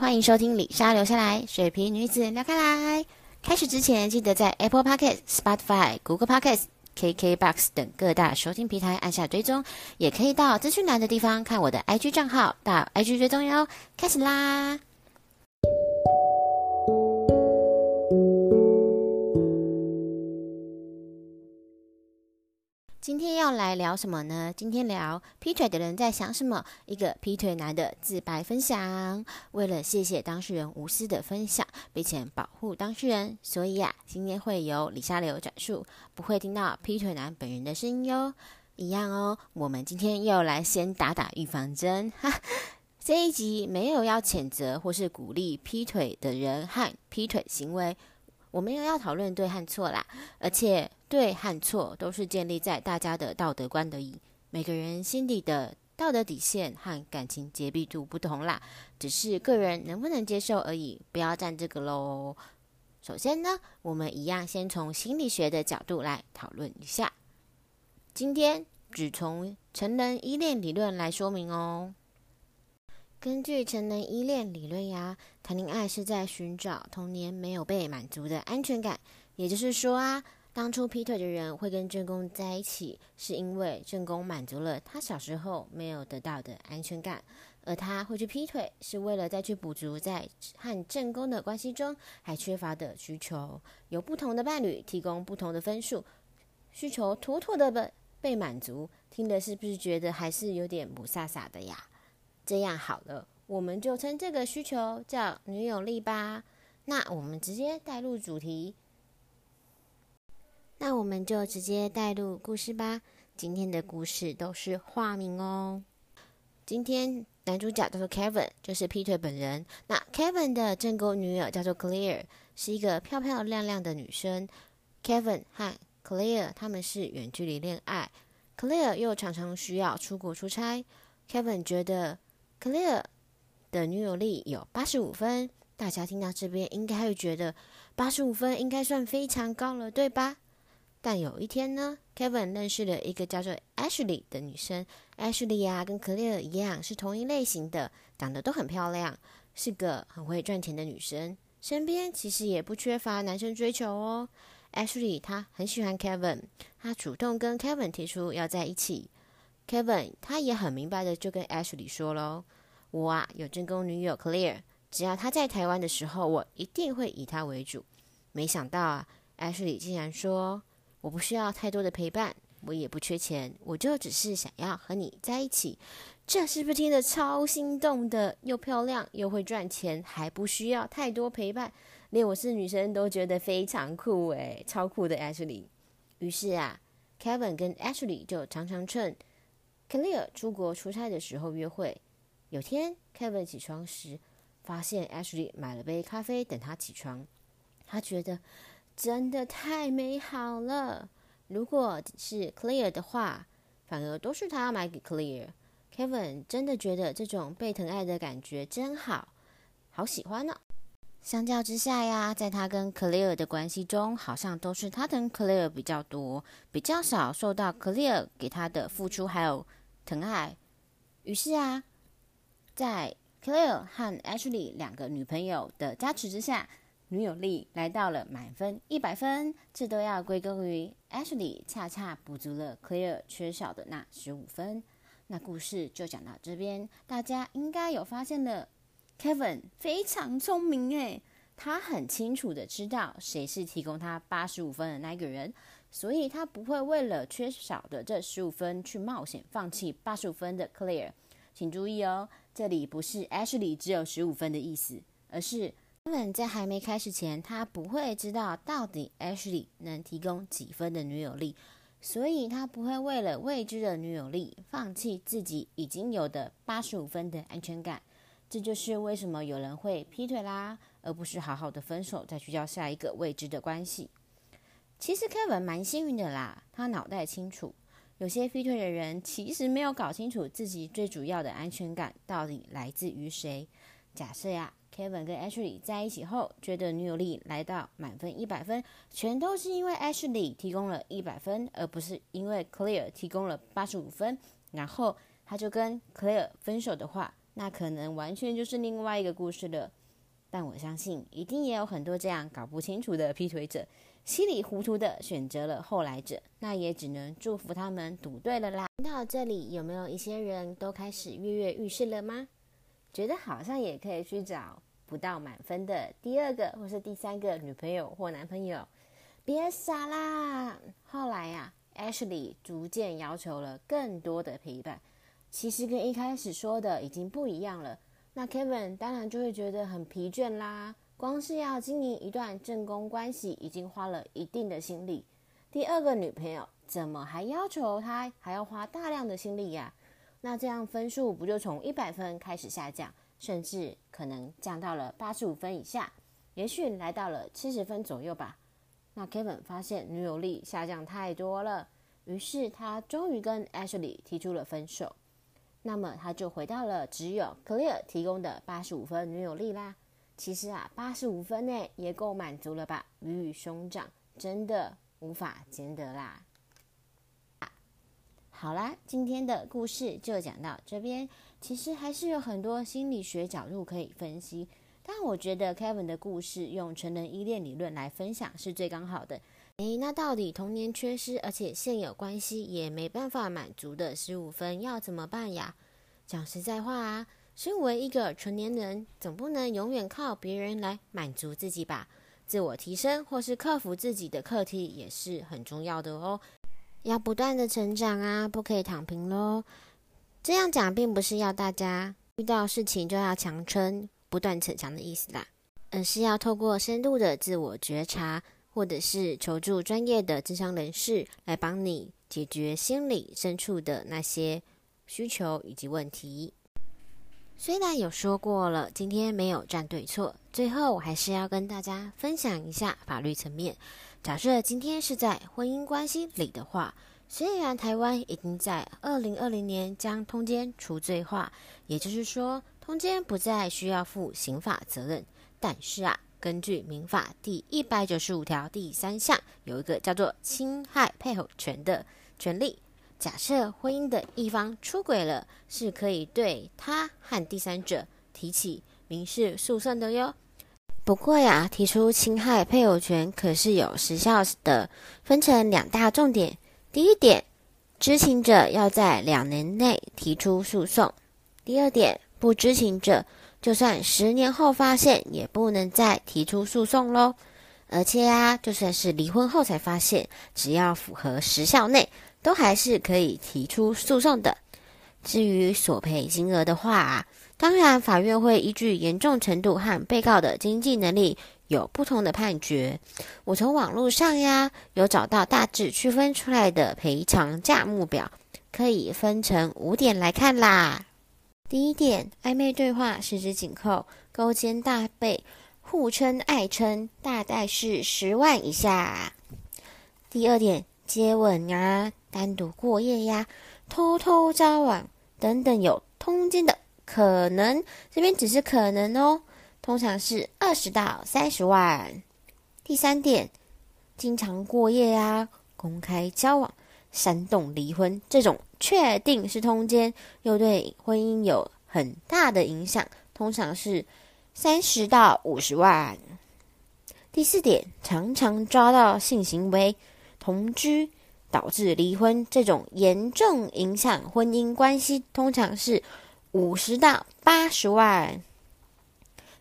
歡迎收聽理紗琉下來，水瓶女子聊開來。開始之前，記得在 Apple Podcast、Spotify、Google Podcast、KKBox 等各大收聽平台按下追蹤，也可以到資訊欄的地方看我的 IG 賬號，到 IG 追蹤喲。開始啦！來聊什麼呢？今天聊劈腿的人在想什麼？一個劈腿男的自白分享。為了謝謝當事人無私的分享，並且保護當事人，所以啊，今天會由理紗琉轉述，不會聽到劈腿男本人的聲音喲。一樣哦，我們今天又來先打打預防針。哈哈，這一集沒有要譴責或是鼓勵劈腿的人和劈腿行為，我們又要討論對和錯啦，而且。對和錯都是建立在大家的道德觀的，以每個人心底的道德底線和感情潔癖度不同啦，只是個人能不能接受而已。不要站這個嘍。首先呢，我們一樣先從心理學的角度來討論一下，今天只從成人依戀理論來說明哦。根據成人依戀理論呀，談戀愛是在尋找童年沒有被滿足的安全感，也就是說啊。當初劈腿的人會跟正宮在一起，是因為正宮滿足了他小時候沒有得到的安全感，而他會去劈腿，是為了再去補足在和正宮的關係中還缺乏的需求。有不同的伴侶提供不同的分數需求，妥妥的被滿足，聽的是不是覺得還是有點不颯颯霧煞煞的呀？這樣好了，我們就稱這個需求叫女友力吧。那我們直接帶入主題。那我們就直接帶入故事吧。今天的故事都是化名哦。今天男主角叫做 Kevin，就是劈腿本人。那 Kevin 的正宮女友叫做 Clear，是一個漂漂亮亮的女生。Kevin 和 Clear 他們是遠距離戀愛，Clear 又常常需要出國出差。Kevin 覺得 Clear 的女友力有八十五分。大家聽到這邊應該會覺得八十五分應該算非常高了，對吧？但有一天呢，Kevin 認識了一個叫做 Ashley 的女生。Ashley 啊，跟 Claire 一樣是同一類型的，長得都很漂亮，是個很會賺錢的女生，身邊其實也不缺乏男生追求哦。Ashley 她很喜歡 Kevin，她主動跟 Kevin 提出要在一起。Kevin 他也很明白的就跟 Ashley 說嘍：“我啊有正宮女友 Claire，只要她在台灣的時候，我一定會以她為主。”沒想到啊，Ashley 竟然說。我不需要太多的陪伴，我也不缺錢，我就只是想要和你在一起。這是不是聽得超心動的？又漂亮又會賺錢，還不需要太多陪伴，連我是女生都覺得非常酷欸，超酷的 Ashley。於是啊，Kevin 跟 Ashley 就常常趁 Clear 出國出差的時候約會。有天，Kevin 起床時發現 Ashley 買了杯咖啡等他起床，他覺得。真的太美好了！如果是 Clear 的話，反而都是他買給 Clear。Kevin 真的覺得這種被疼愛的感覺真好，好喜歡呢、哦。相較之下呀，在他跟 Clear 的關係中，好像都是他疼 Clear 比較多，比較少受到 Clear 給他的付出還有疼愛。於是啊，在 Clear 和 Ashley 兩個女朋友的加持之下。女友力來到了滿分一百分，這都要歸功於 Ashley，恰恰補足了 Clear 缺少的那十五分。那故事就講到這邊，大家應該有發現了，Kevin 非常聰明哎，他很清楚的知道誰是提供他八十五分的那個人，所以他不會為了缺少的這十五分去冒險放棄八十五分的 Clear。請注意哦，這裡不是 Ashley 只有十五分的意思，而是。Kevin 在還沒開始前，他不會知道到底 Ashley 能提供幾分的女友力，所以他不會為了未知的女友力放棄自己已經有的八十五分的安全感。這就是為什麼有人會劈腿啦，而不是好好的分手再去交下一個未知的關係。其實 Kevin 蠻幸運的啦，他腦袋清楚。有些劈腿的人其實沒有搞清楚自己最主要的安全感到底來自於誰。假設呀。Kevin 跟 Ashley 在一起後，覺得女友力來到滿分一百分，全都是因為 Ashley 提供了一百分，而不是因為 Claire 提供了八十五分。然後他就跟 Claire 分手的話，那可能完全就是另外一個故事了。但我相信，一定也有很多這樣搞不清楚的劈腿者，稀里糊塗的選擇了後來者，那也只能祝福他們賭對了啦。聽到這裡，有沒有一些人都開始躍躍欲試了嗎？覺得好像也可以去找。不到滿分的第二個或是第三個女朋友或男朋友，別傻啦！後來呀，Ashley 逐漸要求了更多的陪伴，其實跟一開始說的已經不一樣了。那 Kevin 當然就會覺得很疲倦啦。光是要經營一段正宮關係已經花了一定的心力，第二個女朋友怎麼還要求她還要花大量的心力呀？那這樣分數不就從一百分開始下降？甚至可能降到了八十五分以下，也許來到了七十分左右吧。那 Kevin 發現女友力下降太多了，於是他終於跟 Ashley 提出了分手。那麼他就回到了只有 Clare 提供的八十五分女友力啦。其實啊，八十五分呢也夠滿足了吧？魚與熊掌真的無法兼得啦。啊，好啦，今天的故事就講到這邊。其實還是有很多心理學角度可以分析，但我覺得 Kevin 的故事用成人依戀理論來分享是最剛好的。誒，那到底童年缺失，而且現有關係也沒辦法滿足的十五分要怎麼辦呀？講實在話啊，身為一個成年人，總不能永遠靠別人來滿足自己吧？自我提升或是克服自己的課題也是很重要的哦，要不斷的成長啊，不可以躺平嘍。這樣講並不是要大家遇到事情就要強撐，不斷逞強的意思啦，而是要透過深度的自我覺察，或者是求助專業的諮商人士來幫你解決心理深處的那些需求以及問題。雖然有說過了，今天沒有站對錯，最後我還是要跟大家分享一下法律層面。假設今天是在婚姻關係裡的話。雖然台灣已經在二零二零年將通姦除罪化，也就是說通姦不再需要負刑法責任，但是啊，根據民法第一百九十五條第三項，有一個叫做侵害配偶權的權利。假設婚姻的一方出軌了，是可以對他和第三者提起民事訴訟的喲。不過呀，提出侵害配偶權可是有時效的，分成兩大重點。第一點，知情者要在兩年內提出訴訟；第二點，不知情者就算十年後發現，也不能再提出訴訟嘍。而且啊，就算是離婚後才發現，只要符合時效內，都還是可以提出訴訟的。至於索賠金額的話啊，當然法院會依據嚴重程度和被告的經濟能力有不同的判決，我從網絡上呀有找到大致區分出來的賠償價目表，可以分成五點來看啦。第一點，曖昧對話、十指緊扣、勾肩搭背、互稱愛稱、大概是十萬以下。第二點，接吻呀、單獨過夜呀、偷偷交往等等，有通奸的可能，這邊只是可能哦。通常是二十到三十萬。第三點，經常過夜呀、啊，公開交往，煽動離婚，這種確定是通姦，又對婚姻有很大的影響，通常是三十到五十萬。第四點，常常抓到性行為、同居，導致離婚，這種嚴重影響婚姻關係，通常是五十到八十萬。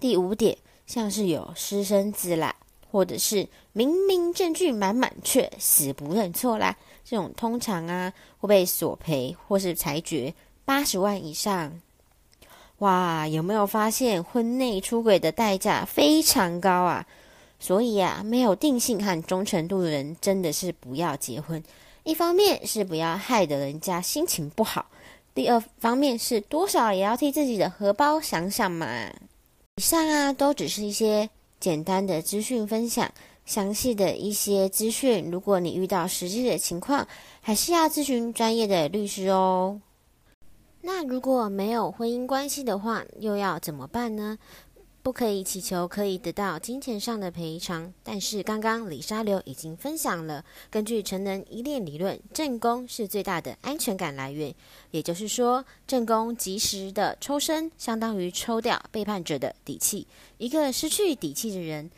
第五點，像是有私生子啦，或者是明明證據滿滿卻死不認錯啦，這種通常啊會被索賠或是裁決八十萬以上。哇，有沒有發現婚內出軌的代價非常高啊？所以啊，沒有定性和忠誠度的人真的是不要結婚。一方面是不要害得人家心情不好，第二方面是多少也要替自己的荷包想想嘛。以上啊，都只是一些簡單的資訊分享，詳細的一些資訊，如果你遇到實際的情況，還是要諮詢專業的律師哦。那如果沒有婚姻關係的話，又要怎麼辦呢？不可以祈求可以得到金錢上的賠償，但是剛剛理紗琉已經分享了，根據成人依戀理論，正宮是最大的安全感來源。也就是說，正宮及時的抽身，相當於抽掉背叛者的底氣。一個失去底氣的人，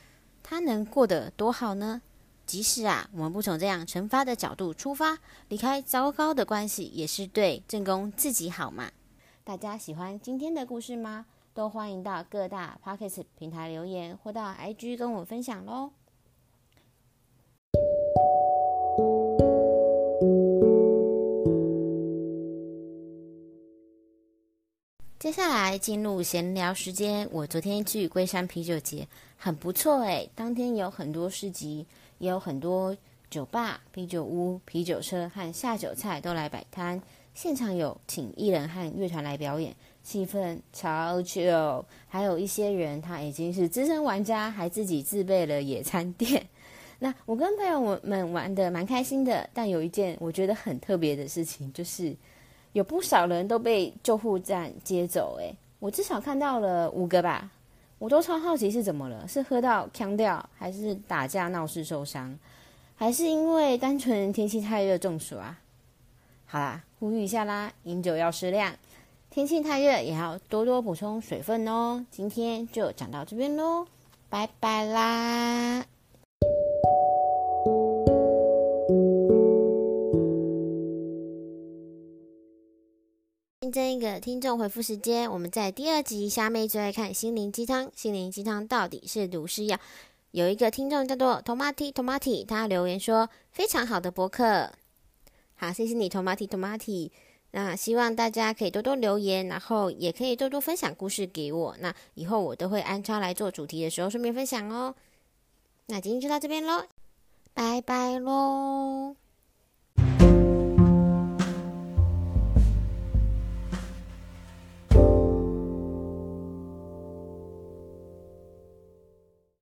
他能過得多好呢？即使啊，我們不從這樣懲罰的角度出發，離開糟糕的關係，也是對正宮自己好嘛？大家喜歡今天的故事嗎？都歡迎到各大 Podcast 平台留言，或到 IG 跟我分享嘍。接下來進入閒聊時間，我昨天去龜山啤酒節，很不錯誒。當天有很多市集，也有很多酒吧、啤酒屋、啤酒車和下酒菜都來擺攤。現場有請藝人和樂團來表演，氣氛超 chill。還有一些人，他已經是資深玩家，還自己自備了野餐墊。那我跟朋友們玩得蠻開心的，但有一件我覺得很特別的事情，就是有不少人都被救護站接走、欸。哎，我至少看到了五個吧，我都超好奇是怎麼了，是喝到嗆掉，還是打架鬧事受傷，還是因為單純天氣太熱中暑啊？好啦。呼籲一下啦，飲酒要適量，天氣太熱也要多多補充水分哦。今天就講到這邊嘍，拜拜啦！新增一個聽眾回復時間，我們在第二集蝦妹就愛看心靈雞湯，心靈雞湯到底是毒是藥？有一個聽眾叫做 Tomato Tomato，他留言說非常好的博客。好，謝謝你，Tomati，Tomati。那希望大家可以多多留言，然後也可以多多分享故事給我。那以後我都會按照來做主題的時候順便分享哦。那今天就到這邊嘍，拜拜嘍。